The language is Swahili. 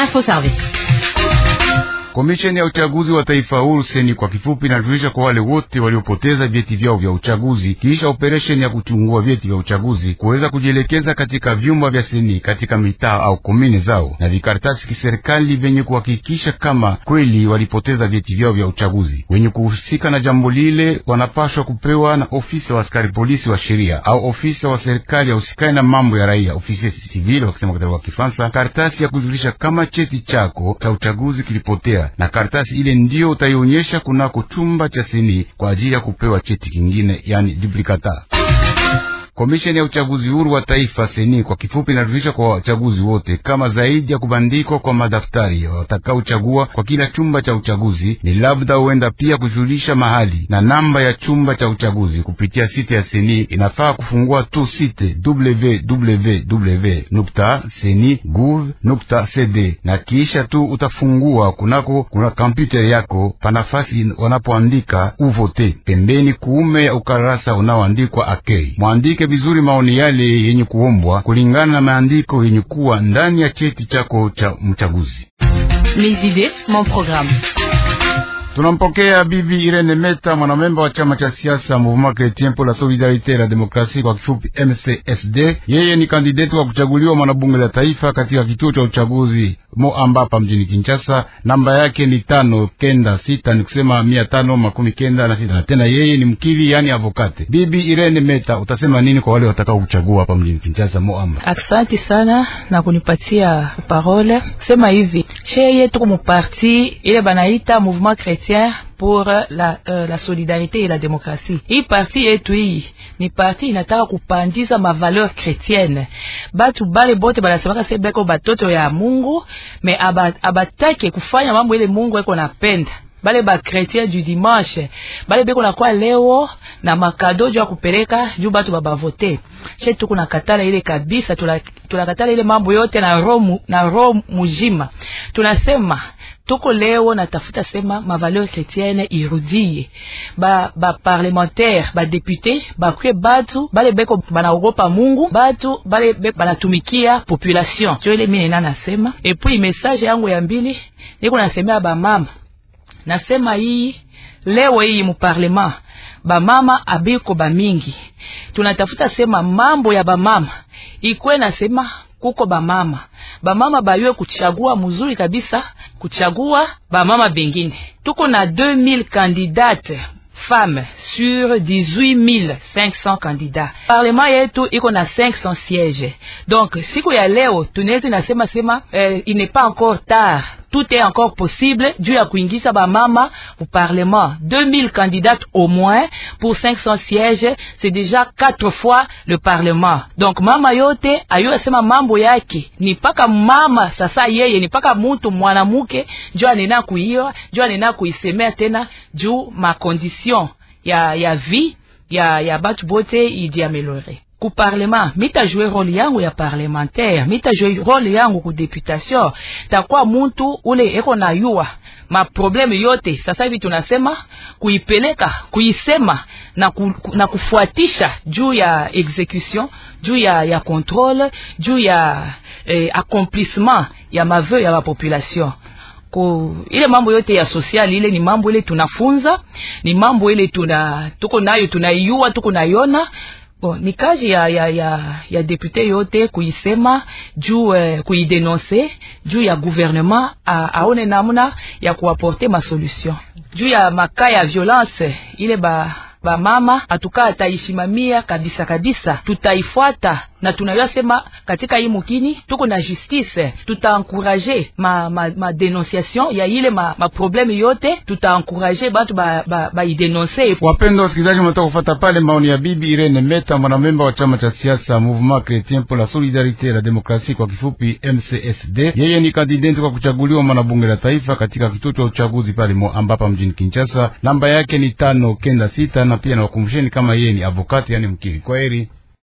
Info Service. Komisheni ya uchaguzi wa taifa huru seni kwa kifupi inajulisha kwa wale wote waliopoteza vyeti vyao vya uchaguzi kisha operesheni ya kuchungua vyeti vya uchaguzi kuweza kujielekeza katika vyumba vya seni katika mitaa au komine zao na vikaratasi kiserikali vyenye kuhakikisha kama kweli walipoteza vyeti vyao vya uchaguzi. Wenye kuhusika na jambo lile wanapashwa kupewa na ofisa wa askari polisi wa sheria au ofisa wa serikali ya usikani na mambo ya raia, ofisi civil wakisema kwa Kifaransa, karatasi ya kujulisha kama cheti chako cha uchaguzi kilipotea kuingia na karatasi ile ndiyo utaionyesha kunako chumba cha seni kwa ajili ya kupewa cheti kingine, yani duplicata. Komisheni ya uchaguzi huru wa taifa seni kwa kifupi inarudisha kwa wachaguzi wote kama zaidi ya kubandikwa kwa madaftari watakaochagua kwa kila chumba cha uchaguzi ni labda huenda pia kujulisha mahali na namba ya chumba cha uchaguzi kupitia site ya seni. Inafaa kufungua tu site www.seni.gov.cd na kisha tu utafungua kunako kuna kompyuta yako pa nafasi wanapoandika uvote pembeni kuume ya ukarasa unaoandikwa akei mwandike vizuri maoni yale yenye kuombwa kulingana na maandiko yenye kuwa ndani ya cheti chako cha mchaguzi. Tunampokea bibi Irene Meta, mwanamemba wa chama cha siasa Mouvement Chretien pour la Solidarite et la Demokrasie, kwa kifupi MCSD. Yeye ni kandideti wa kuchaguliwa mwanabunge la taifa katika kituo cha uchaguzi Moambapa mjini Kinshasa. Namba yake ni tano kenda sita, ni kusema mia tano makumi kenda na sita. Tena yeye ni mkili, yani avokate. Bibi Irene Meta, utasema nini kwa wale watakao kuchagua hapa mjini Kinshasa Moamba? Asante sana na kunipatia parole. Sema hivi, cheye tuko mu parti ile banaita Mouvement Chretien chrétiens pour la, uh, la solidarité et la demokrasia. Hii parti yetu hii ni parti inataka kupandiza mavaleur kretiene. Batu bale bote banasemaka se beko batoto ya Mungu me abatake aba kufanya mambo ile Mungu eko napenda bale ba chrétien du dimanche bale beko na kwa leo na makado juu kupeleka juu batu babavote she tuko na katala ile kabisa, tunakatala tula ile mambo yote na roho na roho mujima tunasema Tuko leo natafuta sema mavaleur chrétienne irudie ba ba parlementaire ba député kwe batu bale beko banaogopa Mungu, batu bale beko banatumikia population. Njo ile mine nina nasema, et puis message yangu ya mbili niko nasemea ba mama, nasema hii leo hii mu ba mama abiko ba mingi tunatafuta sema mambo ya ba mama ikwe nasema kuko ba mama ba mama bayue kuchagua mzuri kabisa kuchagua mama bengine. Tuko na 2000 candidates femmes sur 18 500 candidats. Parlement yetu iko na 500 sièges. Donc siku ya leo tunaweza nasema sema, eh, il n'est pas encore tard tout est encore possible juu à kuingiza bamama au parlement 2000 candidates au moins pour 500 sièges c'est déjà quatre fois le parlement donc mama yote ayosema mambo yake ni paka mama sasa yeye ni paka mtu mwanamke juu anena kuiwa juu anena kuisemea tena juu ma condition ya ya vie ya ya batu bote Idi améliorer. ku parlement mitajue role yangu ya parlementaire mitajue role yangu ku deputation takuwa muntu ule eko na yuwa maprobleme yote. Sasa hivi tunasema kuipeleka kuisema na, ku, na kufuatisha juu ya execution juu ya, ya controle juu ya eh, accomplissement ya maveu ya population ku ile mambo yote ya sosiali ile ni mambo ile tunafunza, ni mambo ile tuna tuko nayo tunaiua, tuko naiona Bon, ni kazi ya, ya, ya, ya depute yote kuisema juu eh, kuidenonse juu ya gouvernement a, aone namna ya ma masolution juu ya maka ya violence est ba bamama hatukaa taisimamia kabisa kabisa, tutaifuata na tunaweza sema katika hii mukini tuko na justice, tutaencourage ma, ma, ma denonciation ya ile ma, ma probleme yote, tutaencourage batu ba, ba, ba idenonce. Wapendwa wasikilizaji, mnataka kufuata pale maoni ya bibi Irene Meta, mwanamemba wa chama cha siasa Mouvement Chretien pour la Solidarité et la Démocratie, kwa kifupi MCSD. Yeye ni kandidenti kwa kuchaguliwa mwanabunge la taifa katika kituo cha uchaguzi pale Moamba mjini Kinshasa. Namba yake ni tano kenda sita sana pia wakumbusheni kama yeye ni avokati, yani mkili. kwa heri.